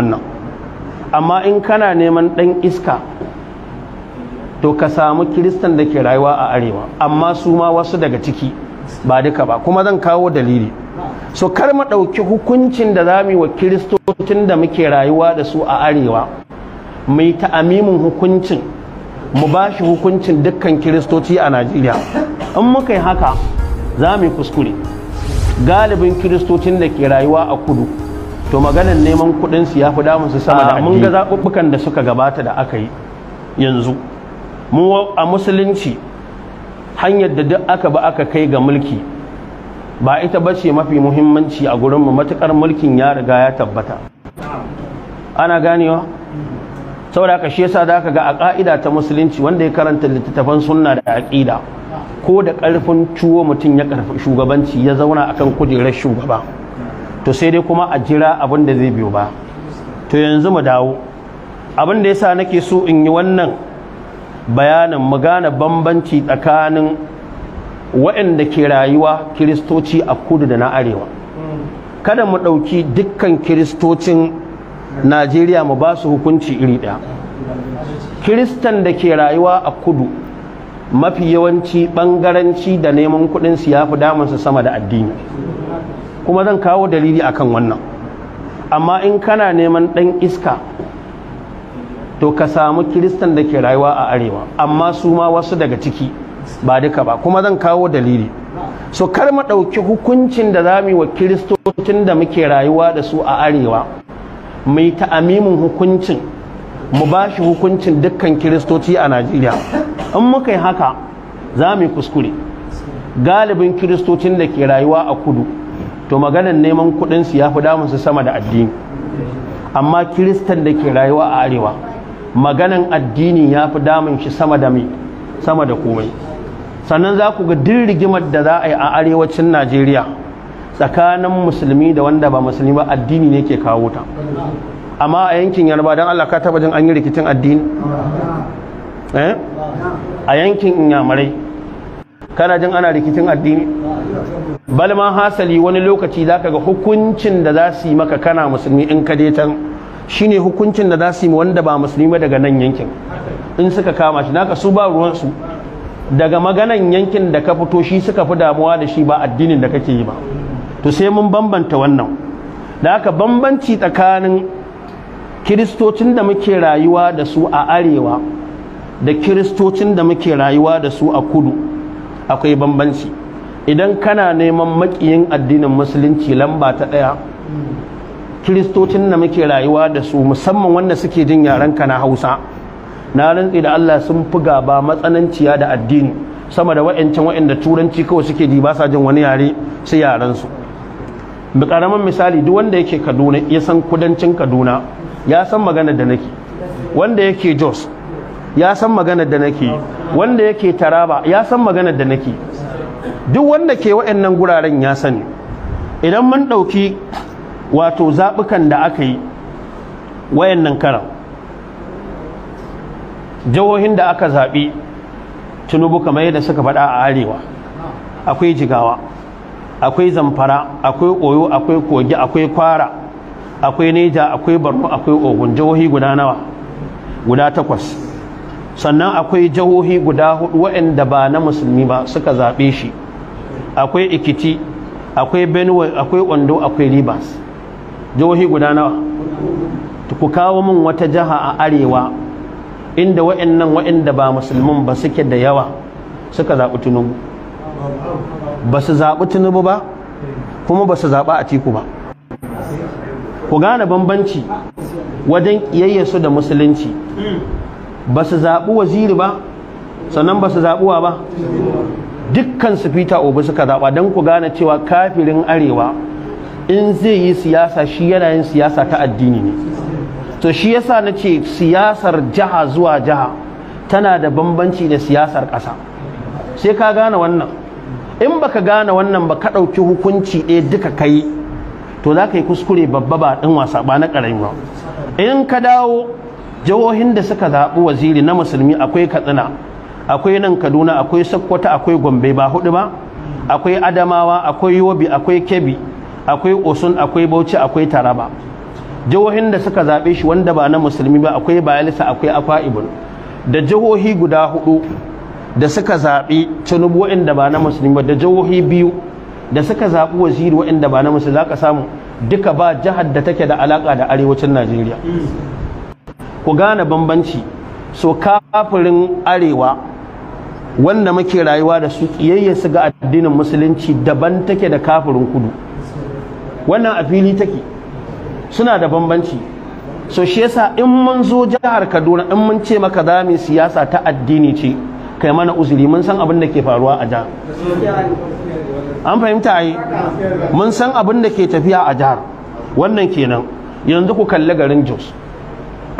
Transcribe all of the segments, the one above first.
wannan amma in kana neman ɗan iska to ka samu kiristan da ke rayuwa a arewa amma su ma wasu daga ciki ba duka ba kuma zan kawo dalili so kar mu ɗauki hukuncin da za mu yi wa kiristocin da muke rayuwa da su a arewa mai ta'amimin hukuncin mu ba shi hukuncin dukkan kiristoci a najeriya in muka yi haka za mu yi kuskure galibin kiristocin da ke rayuwa a kudu to maganar neman kuɗin su ya fi damun su sama da mun ga zaɓuɓɓukan da suka gabata da aka yi yanzu mu a musulunci hanyar da duk aka ba aka kai ga mulki ba ita ba ce mafi muhimmanci a gurin mu matuƙar mulkin ya riga ya tabbata ana ganewa saboda haka shi yasa da aka ga a ƙa'ida ta musulunci wanda ya karanta littattafan sunna da aƙida ko da karfin tuwo mutum ya ƙarfi shugabanci ya zauna akan kujerar shugaba to sai dai kuma a jira abin da zai biyo ba to yanzu mu dawo abin da yasa nake so in yi wannan bayanin mu gane bambanci tsakanin waɗanda ke rayuwa kiristoci a kudu da na arewa kada mu ɗauki dukkan kiristocin najeriya mu ba su hukunci iri ɗaya kiristan da ke rayuwa a kudu mafi yawanci ɓangaranci da neman kuɗin su ya fi sama da addini kuma zan kawo dalili akan wannan amma in kana neman ɗan iska to ka samu kiristan da ke rayuwa a arewa amma su ma wasu daga ciki ba duka ba kuma zan kawo dalili so kar mu ɗauki hukuncin da za mu yi wa kiristocin da muke rayuwa da su a arewa mai ta'amimin hukuncin mu ba shi hukuncin dukkan kiristoci a najeriya in muka yi haka za mu yi kuskure galibin kiristocin da ke rayuwa a kudu to maganar neman kudin su ya fi damun su sama da addini amma kiristan da ke rayuwa a arewa maganan addini ya fi damun shi sama da mai sama da komai sannan za ku ga duk rigimar da za a yi a arewacin najeriya tsakanin musulmi da wanda ba musulmi ba addini ne ke kawo ta amma a yankin yarba don allah ka taba jin an yi rikicin addini eh? a yankin inyamurai kana jin ana rikicin addini bal ma hasali wani lokaci zaka ga hukuncin da za su yi maka kana musulmi in ka tan shine hukuncin da za su yi wanda ba musulmi daga nan yankin in suka kama shi naka su ba ruwan su daga maganan yankin da ka fito shi suka fi damuwa da shi ba addinin da kake yi ba to sai mun bambanta wannan da haka bambanci tsakanin kiristocin da muke rayuwa da su a arewa da kiristocin da muke rayuwa da su a kudu akwai bambanci idan kana neman makiyin addinin musulunci lamba ta ɗaya kiristocin da muke rayuwa da su musamman wanda suke jin yarenka na hausa na rantsi da allah sun fi gaba matsananciya da addini sama da wa'ancan wa'anda turanci kawai suke ji ba sa jin wani yare su yarensu bi karamin misali duk wanda yake kaduna ya san kudancin kaduna ya san magana da nake wanda yake jos ya san magana da nake wanda yake taraba ya san magana da nake duk wanda ke wa'annan guraren ya sani idan mun ɗauki wato zaɓukan da aka yi wayannan karan jihohin da aka zaɓi tunubu kamar yadda suka faɗa a arewa akwai jigawa akwai zamfara akwai oyo akwai kogi akwai kwara akwai neja akwai barno akwai ogun jihohi guda nawa guda takwas sannan akwai jihohi guda hudu waɗanda ba na musulmi ba suka zaɓe shi akwai ikiti akwai benue akwai ondo akwai ribas jihohi guda nawa ku kawo min wata jiha a arewa inda waɗannan waɗanda ba musulmin ba suke da yawa suka zaɓi tunubu ba su zaɓi tunubu ba kuma ba su zaɓa a tiku ba ku gane bambanci wajen ƙiyayya su da musulunci Basu su zaɓi waziri ba sannan basu su wa ba dukkan su fita obi suka zaɓa don ku gane cewa kafirin arewa in zai yi siyasa shi yana yin siyasa ta addini ne to shi yasa na ce siyasar jiha zuwa jiha tana da bambanci da siyasar ƙasa sai ka gane wannan in baka gane wannan ba ka ɗauki hukunci ɗaya duka ka yi to za ka yi kuskure babba ba ɗin wasa ba na ƙarami ba in ka dawo jihohin da suka zaɓi waziri na musulmi akwai katsina akwai nan kaduna akwai sakkwata akwai gombe ba hudu ba akwai adamawa akwai yobi akwai kebbi akwai osun akwai bauchi akwai taraba jihohin da suka zaɓe shi wanda ba na musulmi ba akwai bayalisa akwai afa'ibun da jihohi guda hudu da suka zaɓi tunubu wa'inda ba na musulmi ba da jihohi biyu da suka zaɓi waziri wa'inda ba na musulmi za ka samu duka ba jihar da take da alaƙa da arewacin najeriya ku gane bambanci so kafirin arewa wanda muke rayuwa da su kiyayya su ga addinin musulunci daban take da kafirin kudu wannan a fili take suna da bambanci so shi yasa in mun zo jihar Kaduna in mun ce maka za mu siyasa ta addini ce kai mana uzuri mun san abin da ke faruwa a jihar an fahimta ai mun san abin da ke tafiya a jihar wannan kenan yanzu ku kalli garin Jos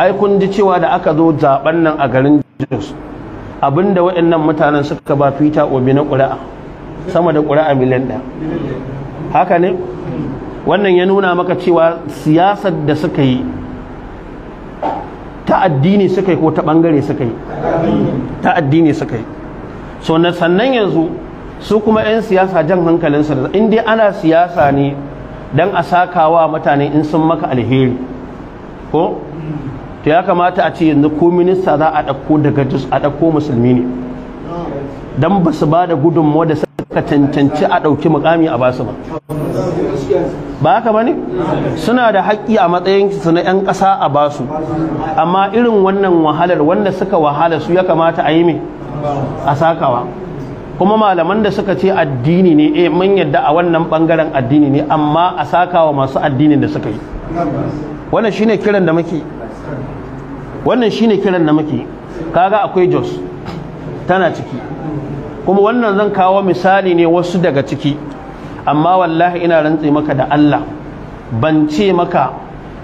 ai kun ji cewa da aka zo zaben nan a garin Jos abinda waɗannan mutanen suka ba fita Obi na ƙuri'a sama da ƙuri'a miliyan ɗaya haka ne wannan ya nuna maka cewa siyasar da suka yi ta addini suka yi ko ta ɓangare suka yi ta addini suka yi so na sannan yanzu su kuma 'yan siyasa jan hankalinsu da in dai ana siyasa ne don a sakawa mutane in sun maka alheri ko to ya kamata a ce yanzu ko minista za a ɗauko daga jus a ɗauko musulmi ne don ba su ba da gudunmawa da suka cancanci a ɗauki mukami a basu ba ba haka ba ne suna da haƙƙi a matsayin su na 'yan ƙasa a basu amma irin wannan wahalar wanda suka wahala su ya kamata a yi mai a sakawa kuma malaman da suka ce addini ne eh mun yadda a wannan bangaren addini ne amma a sakawa masu addinin da suka yi wannan shine kiran da muke wannan shine kiran da muke kaga akwai jos tana ciki kuma wannan zan kawo misali ne wasu daga ciki amma wallahi ina rantse maka da Allah ban ce maka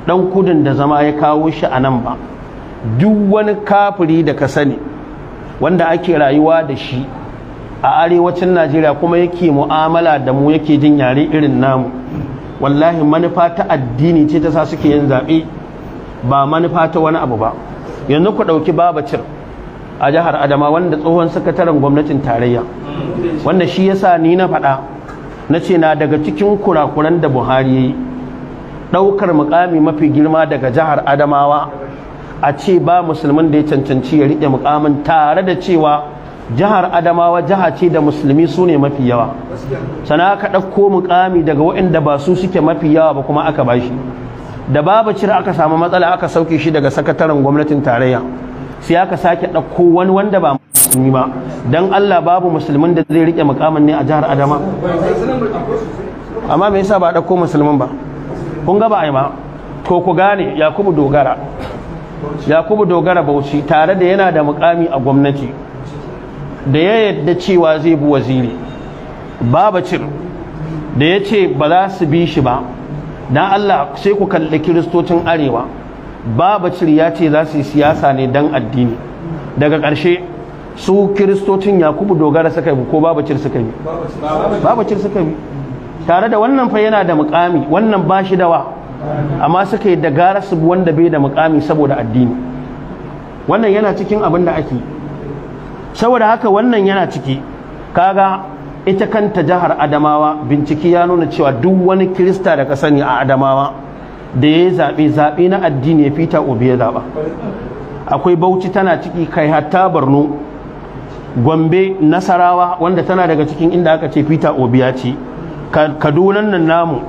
dan kudin da zama ya kawo shi a nan ba duk wani kafiri da ka sani wanda ake rayuwa da shi a arewacin Najeriya kuma yake mu'amala da mu yake jin yare irin namu wallahi manufa ta addini ce ta sa suke yin zaɓe ba manufa ta wani abu ba yanzu ku ɗauki babacir a jihar adama wanda tsohon sakataren gwamnatin tarayya wanda shi yasa ni na faɗa na ce na daga cikin kurakuran da buhari ya yi ɗaukar mukami mafi girma daga jihar adamawa a ce ba musulmin da ya cancanci ya riƙe mukamin tare da cewa jihar adamawa jiha ce da musulmi su ne mafi yawa sana ka ɗauko mukami daga waɗanda ba su suke mafi yawa ba kuma aka ba shi. da babu babacir aka samu matsala aka sauke shi daga sakataren gwamnatin tarayya sai aka sake ɗauko wani wanda ba musulmi ba don Allah babu musulmin da zai rike mukamin ne a jihar Adama amma me yasa ba ɗauko musulmin ba kun ga ba ai ma. to ku gane Yakubu Dogara Yakubu Dogara Bauchi tare da yana da mukami a gwamnati da ya yadda cewa zai bi waziri babacir da ya ce ba za su bi shi ba dan Allah sai ku kalli kiristocin arewa babacir ya ce za su yi siyasa ne dan addini daga ƙarshe su kiristocin yakubu dogara suka yi ko babacir suka yi babacir suka yi tare da wannan fa yana da mukami wannan ba shi da amma suka yi da su wanda bai da mukami saboda addini wannan yana cikin abin da ake saboda haka wannan yana ciki kaga ita kanta jihar adamawa binciki ya nuna cewa duk wani kirista da ka sani a adamawa da ya zaɓe zaɓe na addini ya fita obi ya zaɓa akwai bauchi tana ciki kai hatta borno gombe nasarawa wanda tana daga cikin inda aka ce fita obi ya ci kadunan nan namu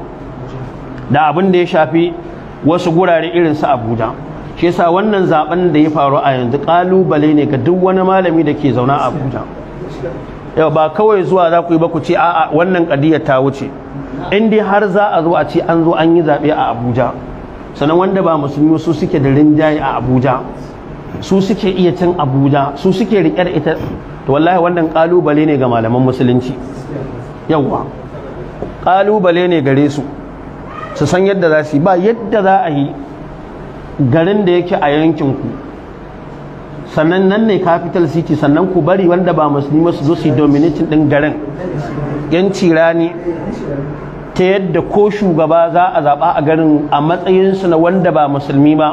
da abin da ya shafi wasu gurare irin su abuja shi yasa wannan zaɓen da ya faru a yanzu ƙalubale ne ga duk wani malami da ke zauna a abuja yau ba kawai zuwa za ku yi ba ku ce a'a wannan kadiyar ta wuce in dai har za a zo a ce an zo an yi zaɓe a abuja sannan wanda ba musulmi su suke da rinjaye a abuja su suke iya cin abuja su suke riƙe ita to wallahi wannan ƙalubale ne ga malaman musulunci yawwa ƙalubale ne gare su su san yadda za su yi ba yadda za a yi garin da yake a yankin ku. sannan nan ne capital city sannan ku bari wanda ba musulmi su zo su dominating din garin yanci rani ta yadda ko shugaba za a zaɓa a garin a matsayinsu na wanda ba musulmi ba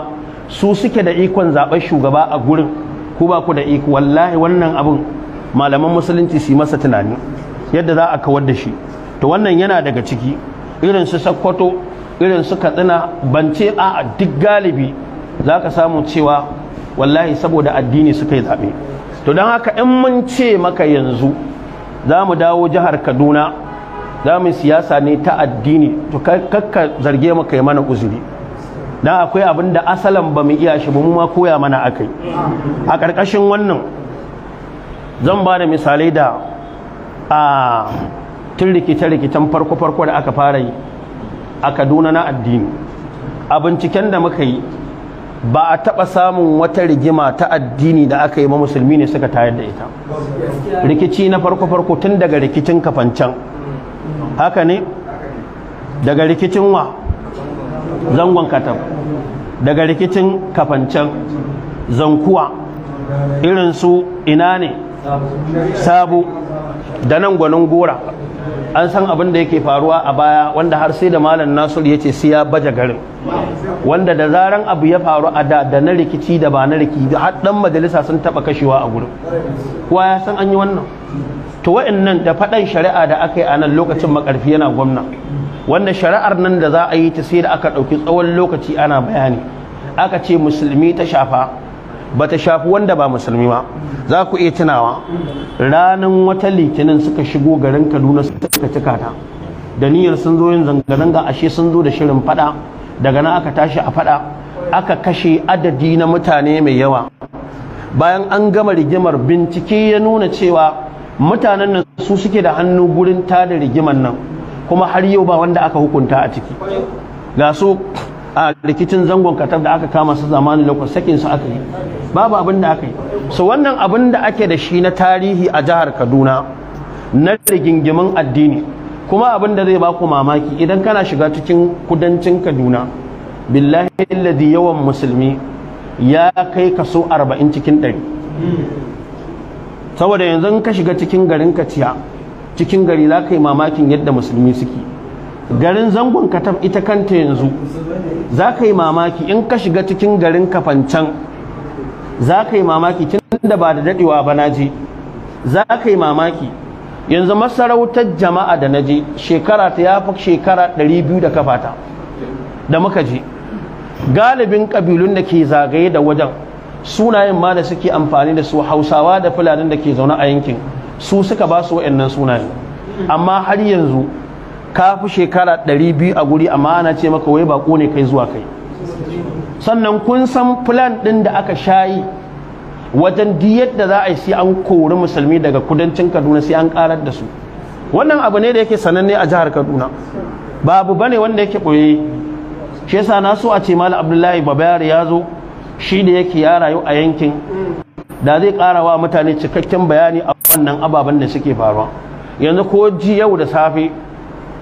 su suke da ikon zaɓar shugaba a gurin ku ba ku da iko wallahi wannan abin malaman musulunci su masa tunani yadda za a kawar da shi to wannan yana daga ciki irin su sakkwato irin su katsina bance a duk galibi za ka samu cewa wallahi saboda addini suka yi zaɓe to don haka in mun ce maka yanzu za mu dawo jihar kaduna za mu siyasa ne ta addini to kakka zarge mu kai mana uzuri don akwai abin da asalan ba mu iya shi ba mu ma koya mana akai a ƙarƙashin wannan zan ba da misalai da a tun rikice-rikicen farko-farko da aka fara yi a kaduna na addini a binciken da muka yi ba a taɓa samun wata rigima ta addini da aka yi ma musulmi ne suka tayar da ita rikici na farko-farko tun daga rikicin kafancan haka ne daga rikicin wa zangon katam daga rikicin kafancan zankuwa irin su ina ne sabu da nan gwanin gora an san abin da yake faruwa a baya wanda har sai da malam Nasiru ya ce sai ya baje garin wanda da zaran abu ya faru a da da na rikici da ba na rikici har dan majalisa sun taba kashewa a gurin kowa ya san an yi wannan to wa'annan da faɗan shari'a da aka yi a nan lokacin makarfi yana gwamna wanda shari'ar nan da za a yi ta sai da aka ɗauki tsawon lokaci ana bayani aka ce musulmi ta shafa bata shafi wanda ba musulmi ba za ku iya tunawa ranar wata litinin suka shigo garin kaduna suka cika ta da niyyar sun zo yin zanga-zanga ashe sun zo da shirin fada daga nan aka tashi a fada aka kashe adadi na mutane mai yawa bayan an gama rigimar bincike ya nuna cewa mutanen nan su suke da hannu gurin da rigimar nan kuma har yau ba wanda aka hukunta a ciki ga su a rikicin zangon katar da aka kama su zamanin lokacin sakin su aka yi babu abin da aka yi so wannan abin da ake da shi na tarihi a jihar kaduna na rigingimin addini kuma abin da zai baku mamaki idan kana shiga cikin kudancin kaduna billahi alladhi yawan musulmi ya kai kaso 40 cikin 100 saboda yanzu ka shiga cikin garin kaciya cikin gari za ka yi mamakin yadda musulmi suke garin zangon kataf ita kanta yanzu za ka yi mamaki in ka shiga cikin garin kafancan za ka yi mamaki tun da ba da dadewa ba na za ka yi mamaki yanzu masarautar jama'a da na je shekara ta ya fi shekara 200 da kafata da muka je galibin ƙabilun da ke zagaye da wajen sunayen ma da suke amfani da su hausawa da fulanin da ke zaune a yankin su suka ba su wa'annan sunayen amma har yanzu ka fi shekara 200 a guri amma ana ce maka wai bako ne kai zuwa kai sannan kun san plan ɗin da aka shayi wajen diyar da za a yi sai an kori musulmi daga kudancin kaduna sai an karar da su wannan abu ne da yake sananne a jihar kaduna babu bane wanda yake ɓoye shi yasa na so a ce malam abdullahi babayar ya zo shi da yake ya rayu a yankin da zai ƙara wa mutane cikakken bayani a wannan ababen da suke faruwa yanzu ko ji yau da safe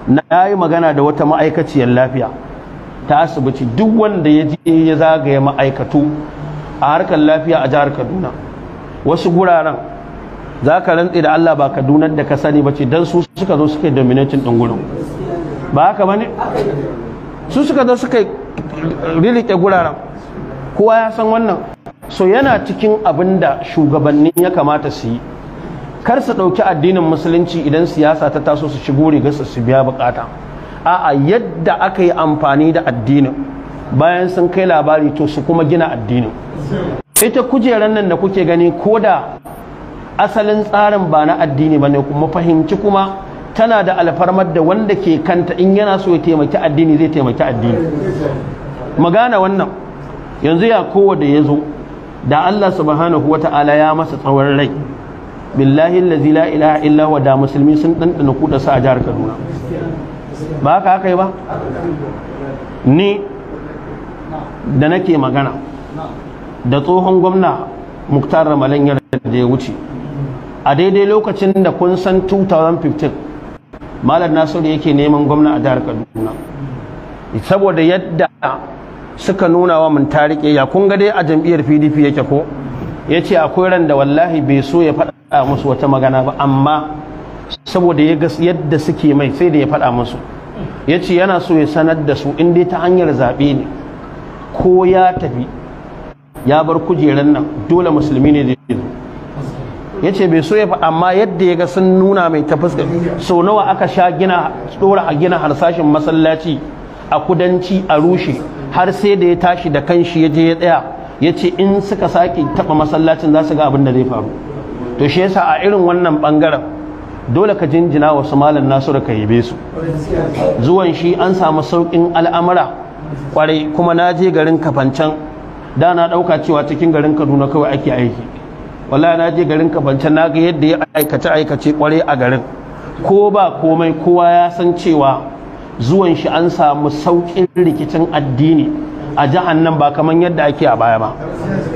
na yi magana da wata ma'aikaciyar lafiya ta asibiti duk wanda ya je ya zagaya ma'aikatu a harkar lafiya a jihar kaduna wasu guraren za ka rantse da allah ba kaduna da ka sani ba ce don su suka zo suka yi dominatin ɗin gurin ba haka ba ne su suka zo suka rilike guraren kowa ya san wannan so yana cikin abin da shugabanni ya kamata su yi kar su ɗauki addinin musulunci idan siyasa ta taso su shigo rigarsa su biya bukata a'a yadda aka yi amfani da addinin bayan sun kai labari to su kuma gina addinin ita kujerar nan da kuke gani ko da asalin tsarin ba na addini ba ne kuma fahimci kuma tana da alfarmar da wanda ke kanta in yana so ya taimaki addini zai taimaki addini magana wannan yanzu ya kowa da ya zo da Allah subhanahu wa ta'ala ya masa tsawon rai billahi allazi la illa wa da musulmi sun ɗanɗana kuɗa sa a jihar Kaduna ba haka haka yi ba ni da nake magana da tsohon gwamna muktar ramalan yana da ya wuce a daidai lokacin da kun san 2015 malar nasiru yake neman gwamna a jihar kaduna saboda yadda suka nuna wa mun tarike ya kun ga dai a jam'iyyar pdp yake ko ya ce akwai ran da wallahi bai so ya faɗa musu wata magana ba amma saboda yadda suke mai sai da ya faɗa musu ya ce yana so ya sanar da su in dai ta hanyar zaɓe ne ko ya tafi ya bar kujerar nan dole musulmi ne da yi ya ce bai so ya faɗa amma yadda ya ga sun nuna mai ta fuskar sau nawa aka sha gina tsora a gina harsashin masallaci a kudanci a rushe har sai da ya tashi da kanshi ya je ya tsaya ya ce in suka sake taɓa masallacin za su ga abin da zai faru to shi yasa a irin wannan ɓangaren dole ka jinjina wa wasu malam da ka yabe su zuwan shi an samu saukin al'amura kwarai kuma na je garin kafancan da na ɗauka cewa cikin garin kaduna kawai ake aiki wallahi na je garin kafancan na ga yadda ya aikace aikace kwarai a garin ko ba komai kowa ya san cewa zuwan shi an samu saukin rikicin addini a jihar nan ba kamar yadda ake a baya ba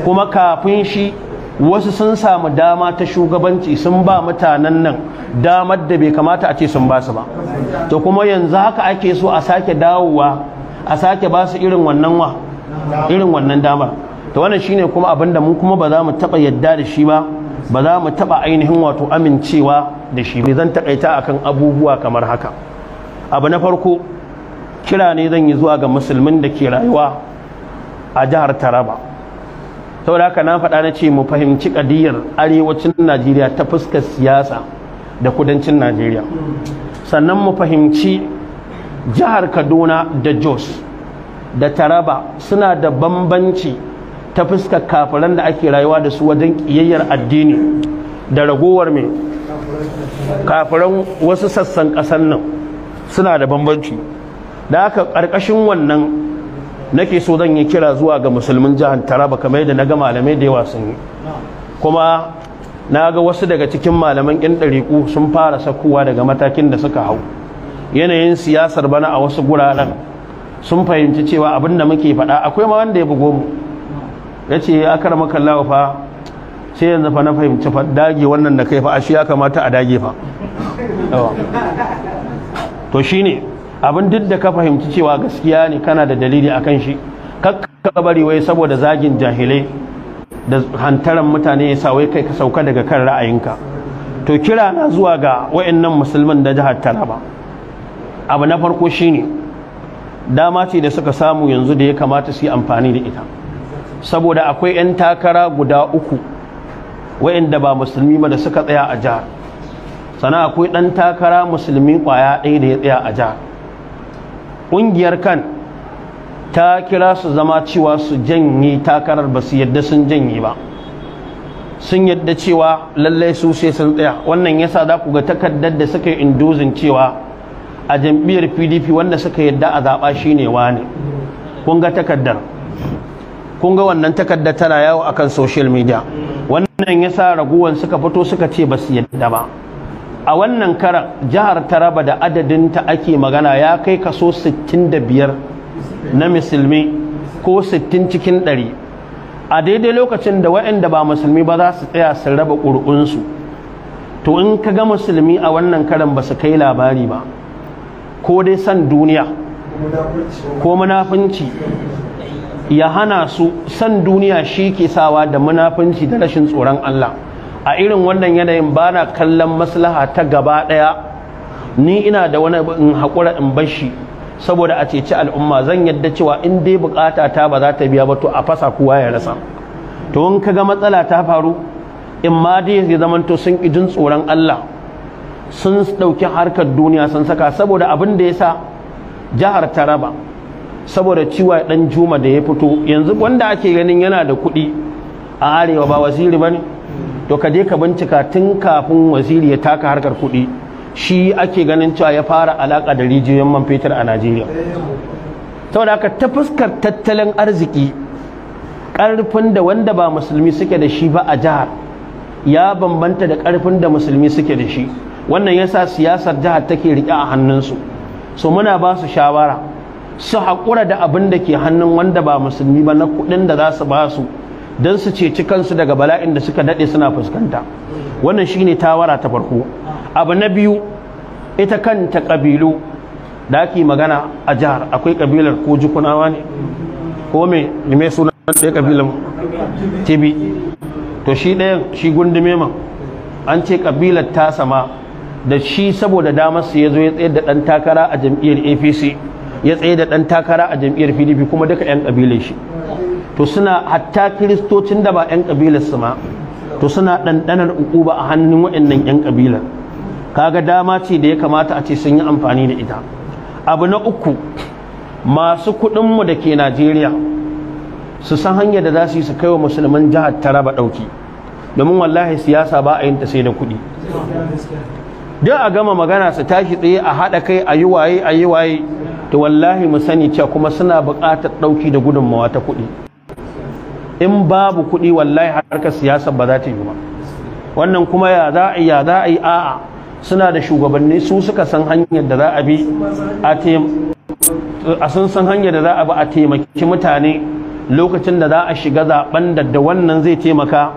kuma kafin shi wasu sun samu dama ta shugabanci sun ba mutanen nan damar da bai kamata a ce sun ba su ba to kuma yanzu haka ake so a sake dawowa a sake ba su irin wannan wa irin wannan damar to wannan shine kuma abin da mu kuma ba za mu taba yadda da shi ba ba za mu taba ainihin wato amincewa da shi ba zan takaita akan abubuwa kamar haka abu na farko kira ne zan yi zuwa ga musulmin da ke rayuwa a jihar Taraba saboda haka na faɗa na ce mu fahimci ƙadiyar arewacin najeriya ta fuskar siyasa da kudancin najeriya sannan mu fahimci jihar kaduna da jos da taraba suna da bambanci ta fuskar kafiran da ake rayuwa da su wajen kiyayyar addini da ragowar mai kafiran wasu sassan ƙasar nan suna da bambanci da aka ƙarƙashin wannan nake so zan yi kira zuwa ga musulmin jihar taraba kamar yadda na ga malamai da yawa sun yi kuma na ga wasu daga cikin malaman yan ɗariƙu sun fara sakowa daga matakin da suka hau yanayin siyasar bana a wasu guraren sun fahimci cewa abin da muke faɗa akwai ma wanda ya bugo mu ya ce akar makallawa fa sai yanzu fa na fahimci fa dage wannan da kai fa ashe ya kamata a dage fa to shine abin duk da ka fahimci cewa gaskiya ne kana da dalili akan shi kakka bari wai saboda zagin jahilai da hantaran mutane ya sa wai kai ka sauka daga kan ra'ayinka to kira na zuwa ga wayannan musulman da jihar Taraba abu na farko shine dama ce da suka samu yanzu da ya kamata su yi amfani da ita saboda akwai 'yan takara guda uku wayanda ba musulmi ba da suka tsaya a jihar sana akwai ɗan takara musulmi ƙwaya ɗaya da ya tsaya a jihar ƙungiyar kan ta kira su zama cewa su janye takarar ba su yadda sun janye ba sun yadda cewa lallai su sai sun tsaya wannan yasa za ku ga takardar da suka yi indozin cewa a jam'iyyar pdp wanda suka yadda a zaɓa shine wani kun ga takardar kun wannan takardar tana yawo akan social media wannan yasa raguwan suka fito suka ce ba su yadda ba a wannan karan jihar taraba da adadin ta ake magana ya kai kaso 65 na musulmi ko 60 cikin 100 a daidai lokacin da waɗanda ba musulmi ba za su tsaya su raba ƙuri'unsu to in ka ga musulmi a wannan karan ba su kai labari ba ko dai san duniya ko munafunci ya hana su san duniya shi ke sawa da munafunci da rashin tsoron Allah a irin wannan yanayin ba na kallon maslaha ta gaba ɗaya ni ina da wani in haƙura in bar shi saboda a ceci al'umma zan yadda cewa in dai buƙata ta ba za ta biya ba to a fasa kowa ya rasa to in ga matsala ta faru in ma dai ya zamanto sun jin tsoron Allah sun ɗauki harkar duniya sun saka saboda abin da ya sa jihar Taraba saboda ciwa ɗan juma da ya fito yanzu wanda ake ganin yana da kuɗi a arewa ba waziri ba ne to ka je ka bincika tun kafin waziri ya taka harkar kuɗi shi ake ganin cewa ya fara alaƙa da rijiyoyin man fetur a najeriya saboda haka ta fuskar tattalin arziki ƙarfin da wanda ba musulmi suke da shi ba a jihar ya bambanta da karfin da musulmi suke da shi wannan yasa siyasar jihar take riƙe a hannunsu so muna ba su shawara su haƙura da abin da ke hannun wanda ba musulmi ba na kuɗin da za su ba su don su ceci kansu daga bala'in da suka dade suna fuskanta wannan shine tawara ta farko abu na biyu ita kanta kabilu da ake magana a jihar akwai kabilar ko jukunawa ne ko me mai suna da kabilan tibi to shi ɗayan shi gundume man an ce ƙabilar ta sama da shi saboda su ya zo ya tsaye da dan takara a jam'iyyar apc ya tsaye da dan takara a jam'iyyar pdp kuma duka 'yan kabilar shi to suna hatta kiristocin da ba 'yan kabilar su ma to suna ɗanɗanar ukuba a hannun waɗannan 'yan kabilar kaga dama ce da ya kamata a ce sun yi amfani da ita abu na uku masu kuɗinmu da ke najeriya su san hanyar da za su yi su kai wa musulman jihar taraba ɗauki domin wallahi siyasa ba a yin ta sai da kuɗi duk a gama magana su tashi tsaye a haɗa kai a yi waye a yi waye to wallahi mu sani cewa kuma suna buƙatar ɗauki da gudunmawa ta kuɗi in babu kuɗi wallahi harkar siyasa ba za ta yi ba wannan kuma ya za a ya a'a suna da shugabanni su suka san hanyar da za a bi a sun san hanyar da za a bi a taimaki mutane lokacin da za a shiga zaɓen da da wannan zai taimaka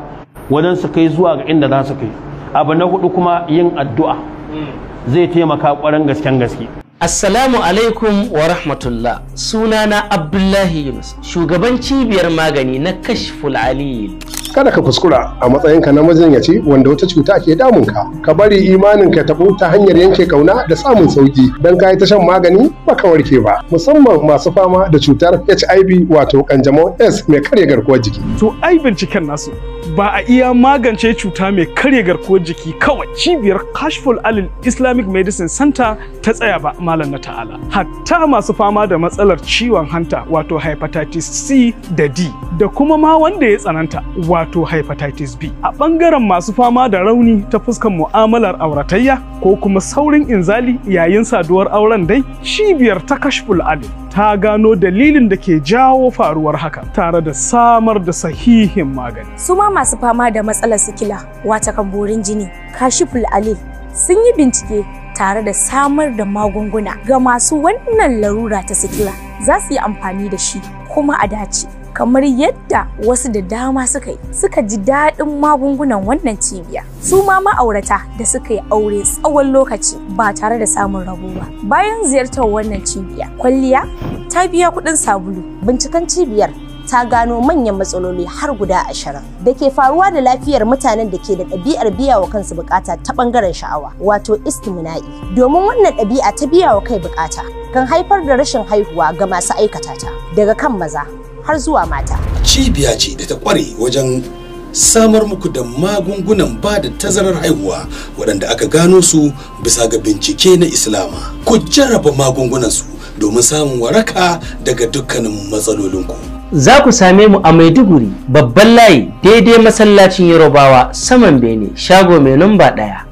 wajen su kai zuwa ga inda za su kai abu na hudu kuma yin addu'a hmm. zai taimaka kwarin gasken gaske Assalamu alaikum wa rahmatullah sunana Abdullahi Yunus shugaban cibiyar magani na kashful alil. Kada ka kuskura a matsayinka na majinyaci wanda wata cuta ke damunka. Ka bari imanin ka tabo ta hanyar yanke kauna da samun sauki don ka yi ta shan magani ba ka warke ba. Musamman masu fama da cutar HIV wato kanjamau S mai karya garkuwar jiki. To ai binciken nasu ba a iya magance cuta mai karya garkuwar jiki kawai cibiyar kashful alil islamic medicine center ta tsaya ba malam na ta'ala hatta masu fama da matsalar ciwon hanta wato hepatitis c da d da kuma ma wanda ya tsananta wato hepatitis b a bangaren masu fama da rauni ta fuskan mu'amalar auratayya ko kuma saurin inzali yayin saduwar auren dai cibiyar ta kashful alil ta gano dalilin da ke jawo faruwar haka tare da samar da sahihin magani. Suma masu fama da matsalar sikila wata kamborin jini, kashiful alil sun yi bincike tare da samar da magunguna ga masu wannan larura ta sikila za su yi amfani da shi kuma a dace. kamar yadda wasu da dama suka yi suka ji daɗin magungunan wannan cibiya su ma ma'aurata da suka yi aure tsawon lokaci ba tare da samun rabo ba bayan ziyartar wannan cibiya kwalliya ta biya kuɗin sabulu binciken cibiyar ta gano manyan matsaloli har guda ashirin da ke faruwa da lafiyar mutanen da ke da ɗabi'ar biya wa kansu bukata ta ɓangaren sha'awa wato istimina'i domin wannan ɗabi'a ta biya wa kai bukata kan haifar da rashin haihuwa ga masu aikata ta daga kan maza har zuwa mata. Cibiya ce da ta kware wajen samar muku da magungunan ba da tazarar haihuwa waɗanda aka gano su bisa ga bincike na Islama. Ku jaraba magungunan su domin samun waraka daga dukkanin matsalolinku. Za ku same mu a Maiduguri babban layi daidai masallacin Yarobawa saman Bene shago mai numba ɗaya.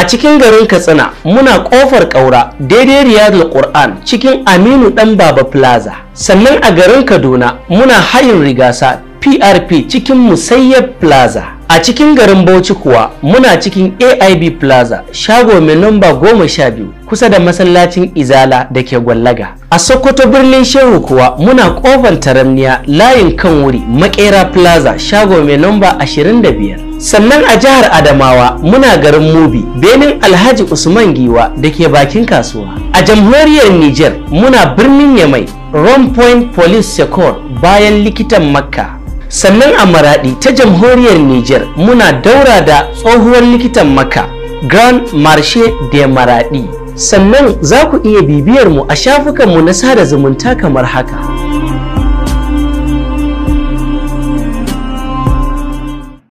a cikin garin katsina muna kofar ƙaura daidai riyadul qur'an cikin aminu dan baba plaza sannan a garin kaduna muna hayin rigasa prp cikin musayyab plaza a cikin garin bauchi kuwa muna cikin aib plaza shago mai namba goma sha biyu kusa da masallacin izala da ke gwallaga a sokoto birnin shehu kuwa muna kofar taramniya layin kan wuri makera plaza shago mai da 25 sannan a jihar adamawa muna garin mubi benin alhaji usman giwa da ke bakin kasuwa a jamhuriyar niger muna birnin yamai rome point police secor bayan likitan makka sannan a maradi ta jamhuriyar niger muna daura da tsohuwar likitan makka grand marche de maradi sannan za ku iya bibiyar mu a shafukanmu na sada zumunta kamar haka.